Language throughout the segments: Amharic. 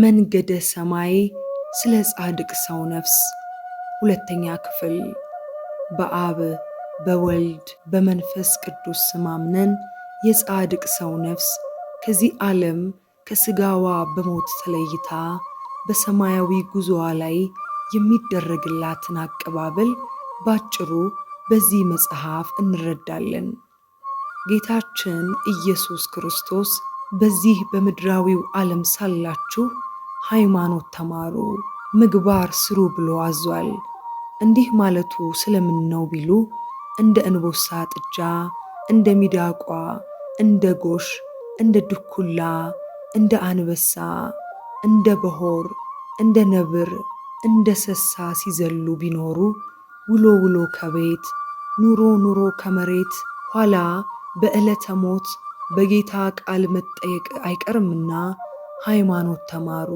መንገደ ሰማይ ስለ ጻድቅ ሰው ነፍስ ሁለተኛ ክፍል። በአብ በወልድ በመንፈስ ቅዱስ ስም አምነን የጻድቅ ሰው ነፍስ ከዚህ ዓለም ከስጋዋ በሞት ተለይታ በሰማያዊ ጉዞዋ ላይ የሚደረግላትን አቀባበል ባጭሩ በዚህ መጽሐፍ እንረዳለን። ጌታችን ኢየሱስ ክርስቶስ በዚህ በምድራዊው ዓለም ሳላችሁ ሃይማኖት ተማሩ፣ ምግባር ስሩ ብሎ አዟል። እንዲህ ማለቱ ስለምን ነው ቢሉ እንደ እንቦሳ ጥጃ፣ እንደ ሚዳቋ፣ እንደ ጎሽ፣ እንደ ድኩላ፣ እንደ አንበሳ፣ እንደ በሆር፣ እንደ ነብር፣ እንደ ሰሳ ሲዘሉ ቢኖሩ ውሎ ውሎ ከቤት ኑሮ ኑሮ ከመሬት ኋላ በዕለተ ሞት በጌታ ቃል መጠየቅ አይቀርምና ሃይማኖት ተማሩ፣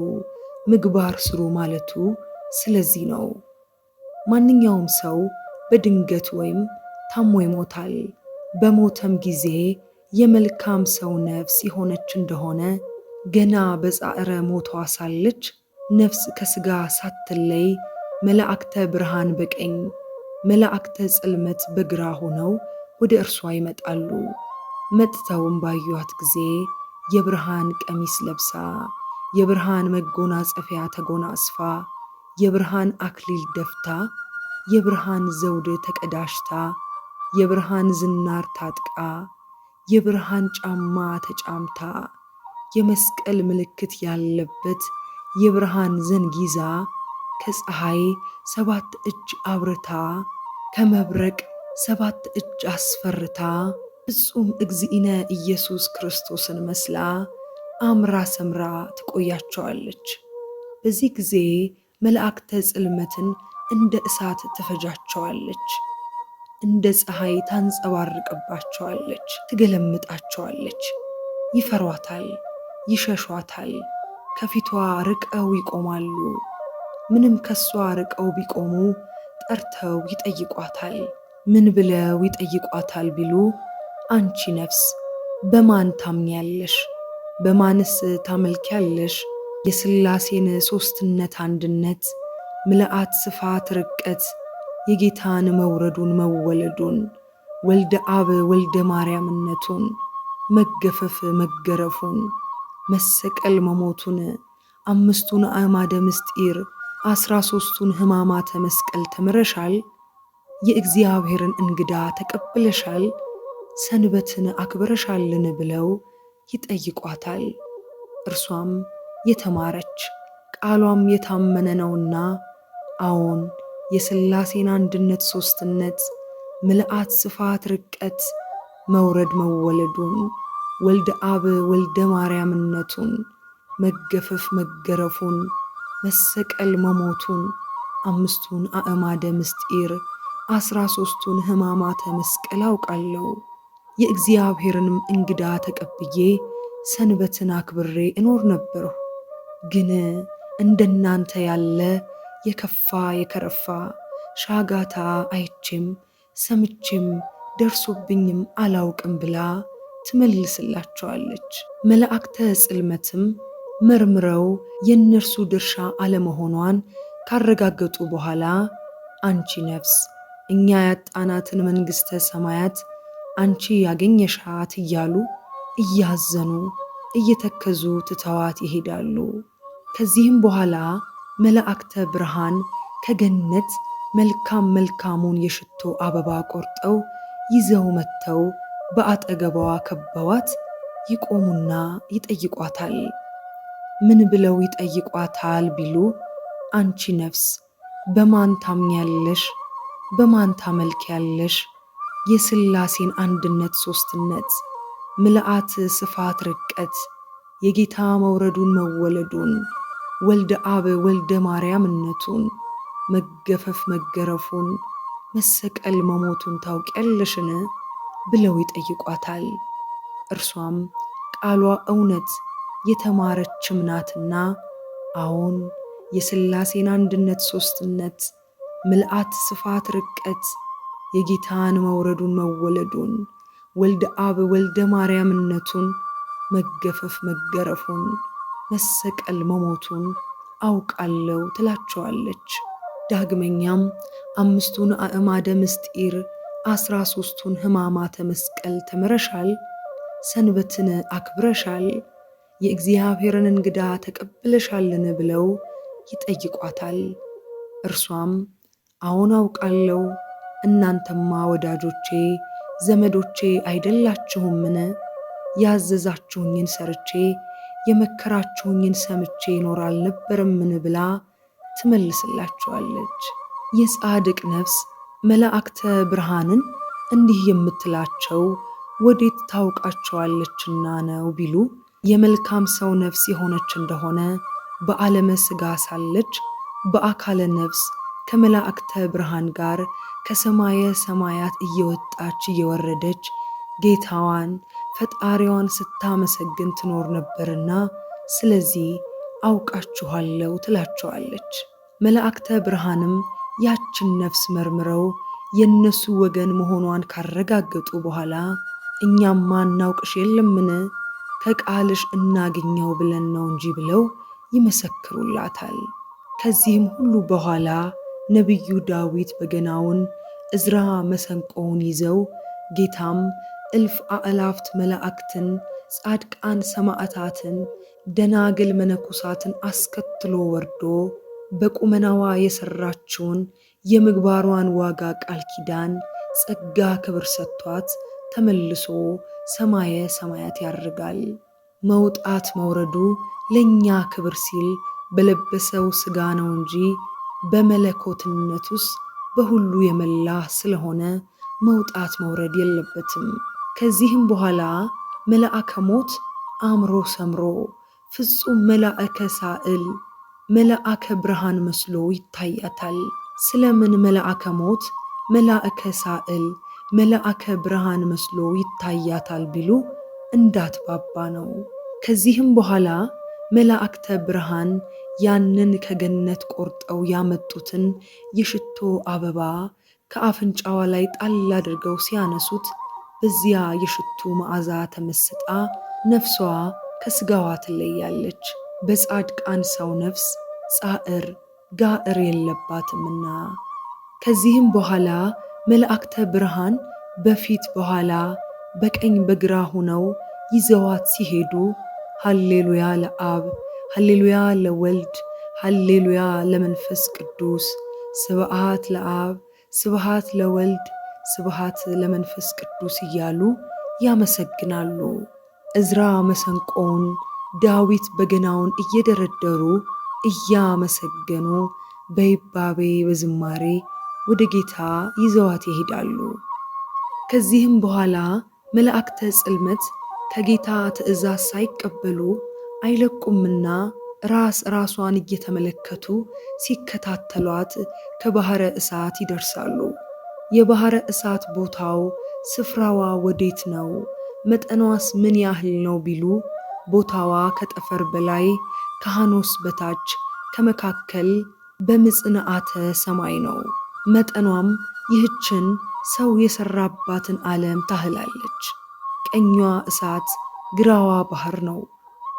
ምግባር ስሩ ማለቱ ስለዚህ ነው። ማንኛውም ሰው በድንገት ወይም ታሞ ይሞታል። በሞተም ጊዜ የመልካም ሰው ነፍስ የሆነች እንደሆነ ገና በጻዕረ ሞቷ ሳለች ነፍስ ከስጋ ሳትለይ መላእክተ ብርሃን በቀኝ መላእክተ ጽልመት በግራ ሆነው ወደ እርሷ ይመጣሉ። መጥተውም ባዩዋት ጊዜ የብርሃን ቀሚስ ለብሳ የብርሃን መጎናጸፊያ ተጎናጽፋ የብርሃን አክሊል ደፍታ የብርሃን ዘውድ ተቀዳሽታ የብርሃን ዝናር ታጥቃ የብርሃን ጫማ ተጫምታ የመስቀል ምልክት ያለበት የብርሃን ዘንግ ይዛ ከፀሐይ ሰባት እጅ አብርታ ከመብረቅ ሰባት እጅ አስፈርታ ፍጹም እግዚእነ ኢየሱስ ክርስቶስን መስላ አምራ ሰምራ ትቆያቸዋለች። በዚህ ጊዜ መላእክተ ጽልመትን እንደ እሳት ትፈጃቸዋለች፣ እንደ ፀሐይ ታንጸባርቅባቸዋለች፣ ትገለምጣቸዋለች። ይፈሯታል፣ ይሸሿታል፣ ከፊቷ ርቀው ይቆማሉ። ምንም ከሷ ርቀው ቢቆሙ ጠርተው ይጠይቋታል። ምን ብለው ይጠይቋታል ቢሉ አንቺ ነፍስ በማን ታምኛለሽ? በማንስ ታመልኪያለሽ? የሥላሴን ሦስትነት አንድነት፣ ምልአት፣ ስፋት፣ ርቀት፣ የጌታን መውረዱን መወለዱን፣ ወልደ አብ ወልደ ማርያምነቱን፣ መገፈፍ መገረፉን፣ መሰቀል መሞቱን፣ አምስቱን አዕማደ ምስጢር፣ አስራ ሦስቱን ሕማማተ መስቀል ተምረሻል። የእግዚአብሔርን እንግዳ ተቀብለሻል። ሰንበትን አክብረሻልን ብለው ይጠይቋታል። እርሷም የተማረች ቃሏም የታመነ ነውና አዎን የሥላሴን አንድነት ሦስትነት፣ ምልአት፣ ስፋት፣ ርቀት፣ መውረድ መወለዱን፣ ወልደ አብ ወልደ ማርያምነቱን፣ መገፈፍ መገረፉን፣ መሰቀል መሞቱን፣ አምስቱን አእማደ ምስጢር፣ አስራ ሦስቱን ሕማማተ መስቀል አውቃለሁ። የእግዚአብሔርንም እንግዳ ተቀብዬ ሰንበትን አክብሬ እኖር ነበርሁ። ግን እንደናንተ ያለ የከፋ የከረፋ ሻጋታ አይቼም ሰምቼም ደርሶብኝም አላውቅም ብላ ትመልስላቸዋለች። መላእክተ ጽልመትም መርምረው የእነርሱ ድርሻ አለመሆኗን ካረጋገጡ በኋላ አንቺ ነፍስ እኛ ያጣናትን መንግሥተ ሰማያት አንቺ ያገኘሻት እያሉ እያዘኑ እየተከዙ ትተዋት ይሄዳሉ። ከዚህም በኋላ መላእክተ ብርሃን ከገነት መልካም መልካሙን የሽቶ አበባ ቆርጠው ይዘው መጥተው በአጠገቧ ከበዋት ይቆሙና ይጠይቋታል። ምን ብለው ይጠይቋታል ቢሉ አንቺ ነፍስ በማን ታምኛለሽ? በማን ታመልኪያለሽ? የሥላሴን አንድነት ሦስትነት፣ ምልአት ስፋት ርቀት፣ የጌታ መውረዱን መወለዱን፣ ወልደ አብ ወልደ ማርያምነቱን፣ መገፈፍ መገረፉን፣ መሰቀል መሞቱን ታውቂያለሽን ብለው ይጠይቋታል። እርሷም ቃሏ እውነት የተማረችም ናትና አዎን የሥላሴን አንድነት ሦስትነት፣ ምልአት ስፋት ርቀት የጌታን መውረዱን መወለዱን ወልደ አብ ወልደ ማርያምነቱን መገፈፍ መገረፉን መሰቀል መሞቱን አውቃለሁ ትላቸዋለች። ዳግመኛም አምስቱን አእማደ ምስጢር አስራ ሶስቱን ሕማማተ መስቀል ተምረሻል፣ ሰንበትን አክብረሻል፣ የእግዚአብሔርን እንግዳ ተቀብለሻልን ብለው ይጠይቋታል። እርሷም አዎን አውቃለሁ እናንተማ ወዳጆቼ ዘመዶቼ አይደላችሁምን? ያዘዛችሁኝን ሰርቼ የመከራችሁኝን ሰምቼ ይኖር አልነበረምን? ብላ ትመልስላችኋለች። የጻድቅ ነፍስ መላእክተ ብርሃንን እንዲህ የምትላቸው ወዴት ታውቃቸዋለችና ነው ቢሉ የመልካም ሰው ነፍስ የሆነች እንደሆነ በዓለመ ሥጋ ሳለች በአካለ ነፍስ ከመላእክተ ብርሃን ጋር ከሰማየ ሰማያት እየወጣች እየወረደች ጌታዋን ፈጣሪዋን ስታመሰግን ትኖር ነበርና ስለዚህ አውቃችኋለሁ ትላቸዋለች። መላእክተ ብርሃንም ያችን ነፍስ መርምረው የእነሱ ወገን መሆኗን ካረጋገጡ በኋላ እኛም ማናውቅሽ የለምን ከቃልሽ እናግኘው ብለን ነው እንጂ ብለው ይመሰክሩላታል። ከዚህም ሁሉ በኋላ ነቢዩ ዳዊት በገናውን፣ እዝራ መሰንቆውን ይዘው ጌታም እልፍ አእላፍት መላእክትን፣ ጻድቃን ሰማዕታትን፣ ደናግል መነኮሳትን አስከትሎ ወርዶ በቁመናዋ የሰራችውን የምግባሯን ዋጋ ቃል ኪዳን ጸጋ ክብር ሰጥቷት ተመልሶ ሰማየ ሰማያት ያርጋል። መውጣት መውረዱ ለእኛ ክብር ሲል በለበሰው ሥጋ ነው እንጂ በመለኮትነት ውስጥ በሁሉ የመላ ስለሆነ መውጣት መውረድ የለበትም። ከዚህም በኋላ መልአከ ሞት አእምሮ ሰምሮ ፍጹም መላእከ ሳዕል መልአከ ብርሃን መስሎ ይታያታል። ስለምን መልአከ ሞት መልአከ ሳዕል መልአከ ብርሃን መስሎ ይታያታል ቢሉ እንዳትባባ ነው። ከዚህም በኋላ መላእክተ ብርሃን ያንን ከገነት ቆርጠው ያመጡትን የሽቶ አበባ ከአፍንጫዋ ላይ ጣል አድርገው ሲያነሱት በዚያ የሽቱ መዓዛ ተመስጣ ነፍሷ ከስጋዋ ትለያለች። በጻድቃን ሰው ነፍስ ጻዕር ጋዕር የለባትምና። ከዚህም በኋላ መላእክተ ብርሃን በፊት በኋላ በቀኝ በግራ ሆነው ይዘዋት ሲሄዱ ሃሌሉያ ለአብ ሀሌሉያ ለወልድ ሀሌሉያ ለመንፈስ ቅዱስ ስብሃት ለአብ ስብሃት ለወልድ ስብሃት ለመንፈስ ቅዱስ እያሉ ያመሰግናሉ። እዝራ መሰንቆውን፣ ዳዊት በገናውን እየደረደሩ እያመሰገኑ በይባቤ በዝማሬ ወደ ጌታ ይዘዋት ይሄዳሉ። ከዚህም በኋላ መላእክተ ጽልመት ከጌታ ትእዛዝ ሳይቀበሉ አይለቁምና ራስ ራሷን እየተመለከቱ ሲከታተሏት ከባህረ እሳት ይደርሳሉ። የባህረ እሳት ቦታው ስፍራዋ ወዴት ነው? መጠኗስ ምን ያህል ነው ቢሉ ቦታዋ ከጠፈር በላይ ከሃኖስ በታች ከመካከል በምጽንዓተ ሰማይ ነው። መጠኗም ይህችን ሰው የሰራባትን ዓለም ታህላለች። ቀኟ እሳት ግራዋ ባህር ነው።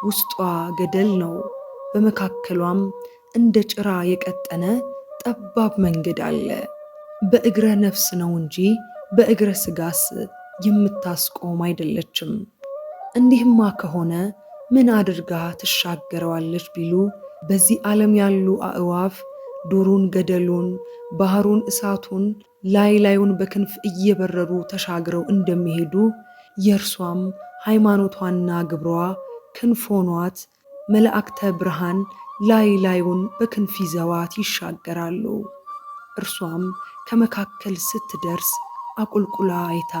ውስጧ ገደል ነው። በመካከሏም እንደ ጭራ የቀጠነ ጠባብ መንገድ አለ። በእግረ ነፍስ ነው እንጂ በእግረ ስጋስ የምታስቆም አይደለችም። እንዲህማ ከሆነ ምን አድርጋ ትሻገረዋለች ቢሉ በዚህ ዓለም ያሉ አእዋፍ ዱሩን፣ ገደሉን፣ ባህሩን፣ እሳቱን ላይ ላዩን በክንፍ እየበረሩ ተሻግረው እንደሚሄዱ የእርሷም ሃይማኖቷና ግብሯ ክንፎኗት መላእክተ ብርሃን ላይ ላዩን በክንፍ ይዘዋት ይሻገራሉ። እርሷም ከመካከል ስትደርስ አቁልቁላ አይታ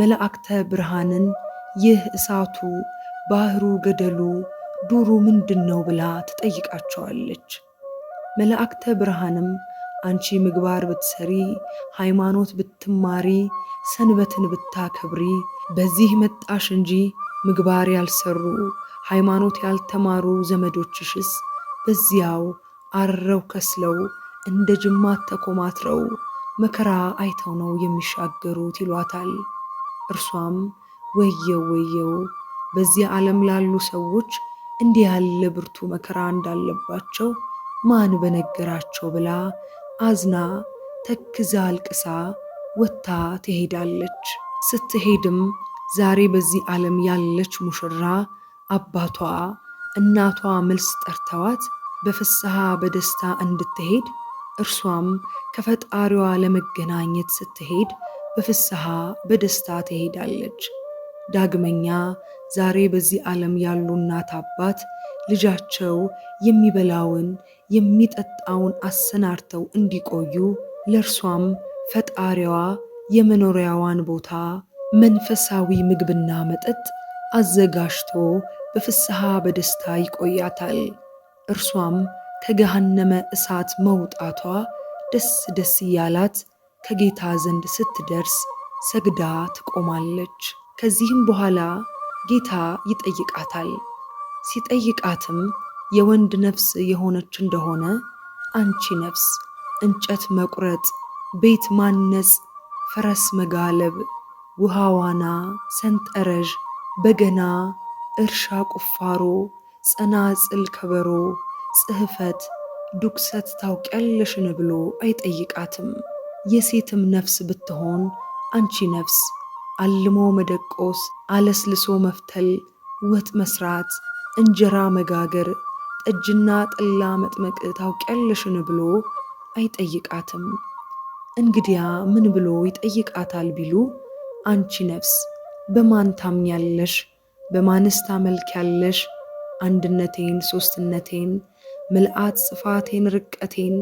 መላእክተ ብርሃንን ይህ እሳቱ፣ ባህሩ፣ ገደሉ፣ ዱሩ ምንድን ነው ብላ ትጠይቃቸዋለች። መላእክተ ብርሃንም አንቺ ምግባር ብትሰሪ፣ ሃይማኖት ብትማሪ፣ ሰንበትን ብታከብሪ በዚህ መጣሽ እንጂ ምግባር ያልሰሩ ሃይማኖት ያልተማሩ ዘመዶችሽስ በዚያው አረው ከስለው እንደ ጅማት ተኮማትረው መከራ አይተው ነው የሚሻገሩት ይሏታል። እርሷም ወየው ወየው በዚያ ዓለም ላሉ ሰዎች እንዲህ ያለ ብርቱ መከራ እንዳለባቸው ማን በነገራቸው ብላ አዝና ተክዛ አልቅሳ ወጥታ ትሄዳለች። ስትሄድም ዛሬ በዚህ ዓለም ያለች ሙሽራ አባቷ እናቷ መልስ ጠርተዋት በፍስሐ በደስታ እንድትሄድ እርሷም ከፈጣሪዋ ለመገናኘት ስትሄድ በፍስሐ በደስታ ትሄዳለች። ዳግመኛ ዛሬ በዚህ ዓለም ያሉ እናት አባት ልጃቸው የሚበላውን የሚጠጣውን አሰናድተው እንዲቆዩ ለእርሷም ፈጣሪዋ የመኖሪያዋን ቦታ መንፈሳዊ ምግብና መጠጥ አዘጋጅቶ በፍስሐ በደስታ ይቆያታል። እርሷም ከገሃነመ እሳት መውጣቷ ደስ ደስ እያላት ከጌታ ዘንድ ስትደርስ ሰግዳ ትቆማለች። ከዚህም በኋላ ጌታ ይጠይቃታል። ሲጠይቃትም የወንድ ነፍስ የሆነች እንደሆነ አንቺ ነፍስ እንጨት መቁረጥ፣ ቤት ማነጽ፣ ፈረስ መጋለብ፣ ውሃ ዋና፣ ሰንጠረዥ በገና፣ እርሻ፣ ቁፋሮ፣ ጸናጽል፣ ከበሮ፣ ጽህፈት ዱክሰት ታውቂያለሽን ብሎ አይጠይቃትም። የሴትም ነፍስ ብትሆን አንቺ ነፍስ አልሞ መደቆስ፣ አለስልሶ መፍተል፣ ወጥ መስራት፣ እንጀራ መጋገር፣ ጠጅና ጠላ መጥመቅ ታውቂያለሽን ብሎ አይጠይቃትም። እንግዲያ ምን ብሎ ይጠይቃታል ቢሉ አንቺ ነፍስ በማን ታምኛለሽ? በማንስ ታመልኪያለሽ? አንድነቴን፣ ሦስትነቴን፣ ምልአት ጽፋቴን፣ ርቀቴን፣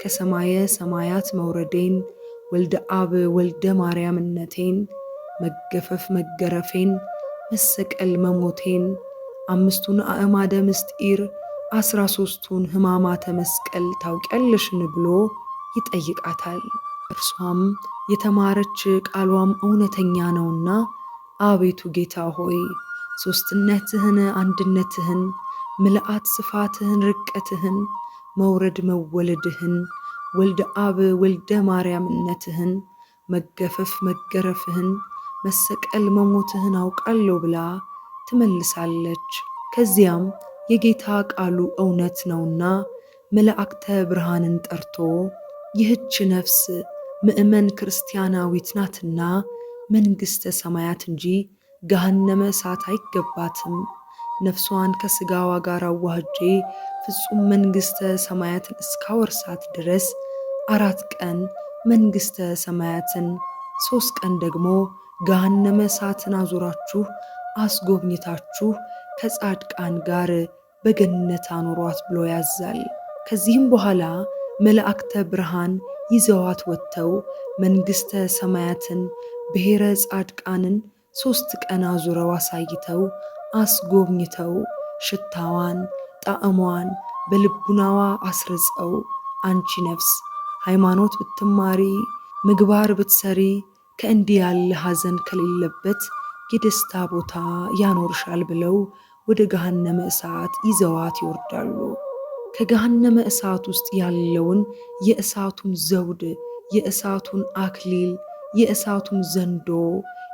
ከሰማየ ሰማያት መውረዴን፣ ወልደ አብ ወልደ ማርያምነቴን፣ መገፈፍ መገረፌን፣ መሰቀል መሞቴን፣ አምስቱን አእማደ ምስጢር አስራ ሦስቱን ሕማማተ መስቀል ታውቂያለሽን ብሎ ይጠይቃታል። እርሷም የተማረች ቃሏም እውነተኛ ነውና አቤቱ ጌታ ሆይ ሦስትነትህን፣ አንድነትህን፣ ምልአት ስፋትህን፣ ርቀትህን፣ መውረድ መወለድህን፣ ወልደ አብ ወልደ ማርያምነትህን፣ መገፈፍ መገረፍህን፣ መሰቀል መሞትህን አውቃለሁ ብላ ትመልሳለች። ከዚያም የጌታ ቃሉ እውነት ነውና መላእክተ ብርሃንን ጠርቶ ይህች ነፍስ ምእመን ክርስቲያናዊት ናትና መንግሥተ ሰማያት እንጂ ገሃነመ እሳት አይገባትም። ነፍሷን ከሥጋዋ ጋር አዋህጄ ፍጹም መንግሥተ ሰማያትን እስካወርሳት ድረስ አራት ቀን መንግሥተ ሰማያትን ሦስት ቀን ደግሞ ገሃነመ እሳትን አዙራችሁ አስጎብኝታችሁ ከጻድቃን ጋር በገነት አኑሯት ብሎ ያዛል። ከዚህም በኋላ መላእክተ ብርሃን ይዘዋት ወጥተው መንግሥተ ሰማያትን ብሔረ ጻድቃንን ሦስት ቀን አዙረው አሳይተው አስጎብኝተው ሽታዋን ጣዕሟን በልቡናዋ አስርጸው አንቺ ነፍስ ሃይማኖት ብትማሪ ምግባር ብትሰሪ ከእንዲህ ያለ ሐዘን ከሌለበት የደስታ ቦታ ያኖርሻል ብለው ወደ ገሃነመ እሳት ይዘዋት ይወርዳሉ። ከገሃነመ እሳት ውስጥ ያለውን የእሳቱን ዘውድ የእሳቱን አክሊል የእሳቱን ዘንዶ፣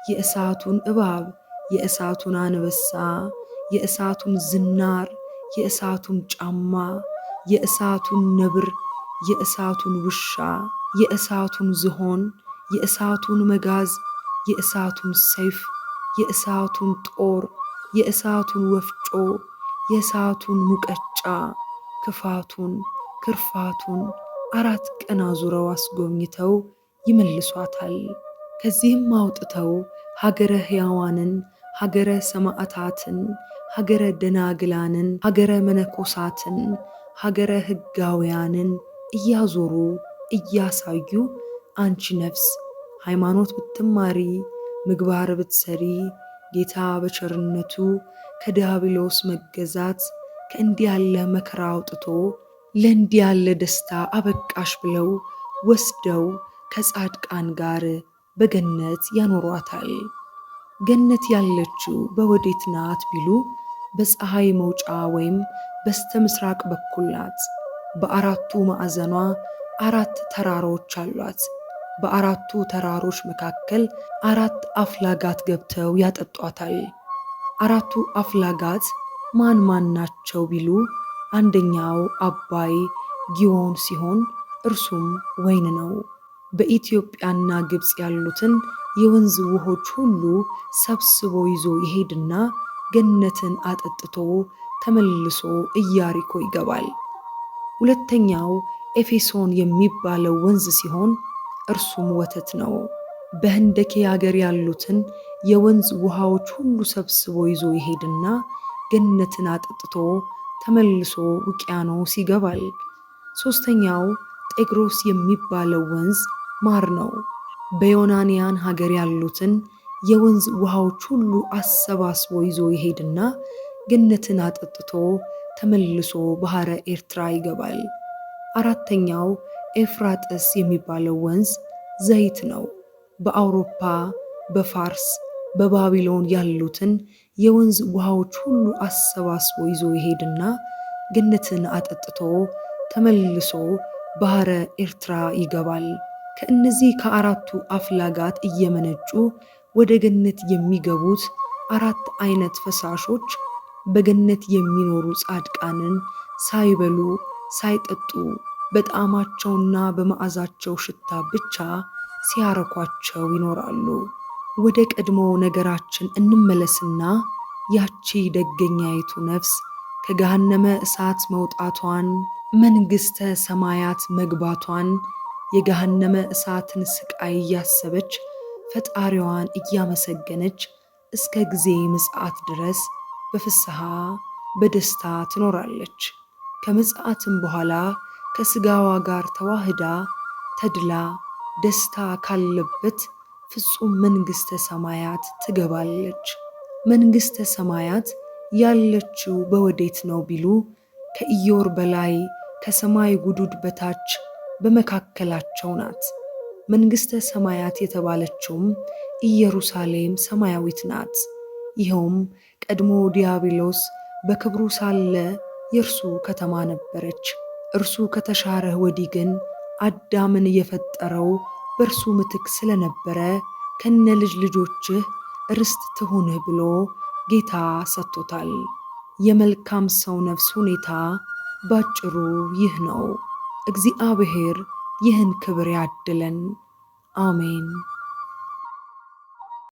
የእሳቱን እባብ፣ የእሳቱን አንበሳ፣ የእሳቱን ዝናር፣ የእሳቱን ጫማ፣ የእሳቱን ነብር፣ የእሳቱን ውሻ፣ የእሳቱን ዝሆን፣ የእሳቱን መጋዝ፣ የእሳቱን ሰይፍ፣ የእሳቱን ጦር፣ የእሳቱን ወፍጮ፣ የእሳቱን ሙቀጫ ክፋቱን ክርፋቱን አራት ቀን አዙረው አስጎብኝተው ይመልሷታል። ከዚህም አውጥተው ሀገረ ሕያዋንን፣ ሀገረ ሰማዕታትን፣ ሀገረ ደናግላንን፣ ሀገረ መነኮሳትን፣ ሀገረ ሕጋውያንን እያዞሩ እያሳዩ አንቺ ነፍስ ሃይማኖት ብትማሪ ምግባር ብትሰሪ ጌታ በቸርነቱ ከዲያብሎስ መገዛት ከእንዲህ ያለ መከራ አውጥቶ ለእንዲህ ያለ ደስታ አበቃሽ ብለው ወስደው ከጻድቃን ጋር በገነት ያኖሯታል። ገነት ያለችው በወዴት ናት ቢሉ በፀሐይ መውጫ ወይም በስተ ምስራቅ በኩል ናት። በአራቱ ማዕዘኗ አራት ተራሮች አሏት። በአራቱ ተራሮች መካከል አራት አፍላጋት ገብተው ያጠጧታል። አራቱ አፍላጋት ማን ማን ናቸው ቢሉ አንደኛው አባይ ጊዮን ሲሆን እርሱም ወይን ነው። በኢትዮጵያና ግብፅ ያሉትን የወንዝ ውሆች ሁሉ ሰብስቦ ይዞ ይሄድና ገነትን አጠጥቶ ተመልሶ ኢያሪኮ ይገባል። ሁለተኛው ኤፌሶን የሚባለው ወንዝ ሲሆን እርሱም ወተት ነው። በህንደኬ አገር ያሉትን የወንዝ ውሃዎች ሁሉ ሰብስቦ ይዞ ይሄድና ገነትን አጠጥቶ ተመልሶ ውቅያኖስ ይገባል። ሶስተኛው ጤግሮስ የሚባለው ወንዝ ማር ነው። በዮናንያን ሀገር ያሉትን የወንዝ ውሃዎች ሁሉ አሰባስቦ ይዞ ይሄድና ገነትን አጠጥቶ ተመልሶ ባህረ ኤርትራ ይገባል። አራተኛው ኤፍራጥስ የሚባለው ወንዝ ዘይት ነው። በአውሮፓ፣ በፋርስ፣ በባቢሎን ያሉትን የወንዝ ውሃዎች ሁሉ አሰባስቦ ይዞ ይሄድና ገነትን አጠጥቶ ተመልሶ ባህረ ኤርትራ ይገባል። ከእነዚህ ከአራቱ አፍላጋት እየመነጩ ወደ ገነት የሚገቡት አራት አይነት ፈሳሾች በገነት የሚኖሩ ጻድቃንን ሳይበሉ ሳይጠጡ በጣዕማቸውና በመዓዛቸው ሽታ ብቻ ሲያረኳቸው ይኖራሉ። ወደ ቀድሞ ነገራችን እንመለስና ያቺ ደገኛይቱ ነፍስ ከገሃነመ እሳት መውጣቷን መንግሥተ ሰማያት መግባቷን የገሃነመ እሳትን ስቃይ እያሰበች ፈጣሪዋን እያመሰገነች እስከ ጊዜ ምጽአት ድረስ በፍስሐ በደስታ ትኖራለች። ከምጽአትም በኋላ ከሥጋዋ ጋር ተዋህዳ ተድላ ደስታ ካለበት ፍጹም መንግሥተ ሰማያት ትገባለች። መንግሥተ ሰማያት ያለችው በወዴት ነው ቢሉ ከኢዮር በላይ ከሰማይ ጉዱድ በታች በመካከላቸው ናት። መንግሥተ ሰማያት የተባለችውም ኢየሩሳሌም ሰማያዊት ናት። ይኸውም ቀድሞ ዲያብሎስ በክብሩ ሳለ የእርሱ ከተማ ነበረች። እርሱ ከተሻረ ወዲህ ግን አዳምን የፈጠረው በእርሱ ምትክ ስለነበረ ከነ ልጅ ልጆችህ ርስት ትሁንህ ብሎ ጌታ ሰጥቶታል። የመልካም ሰው ነፍስ ሁኔታ ባጭሩ ይህ ነው። እግዚአብሔር ይህን ክብር ያድለን። አሜን።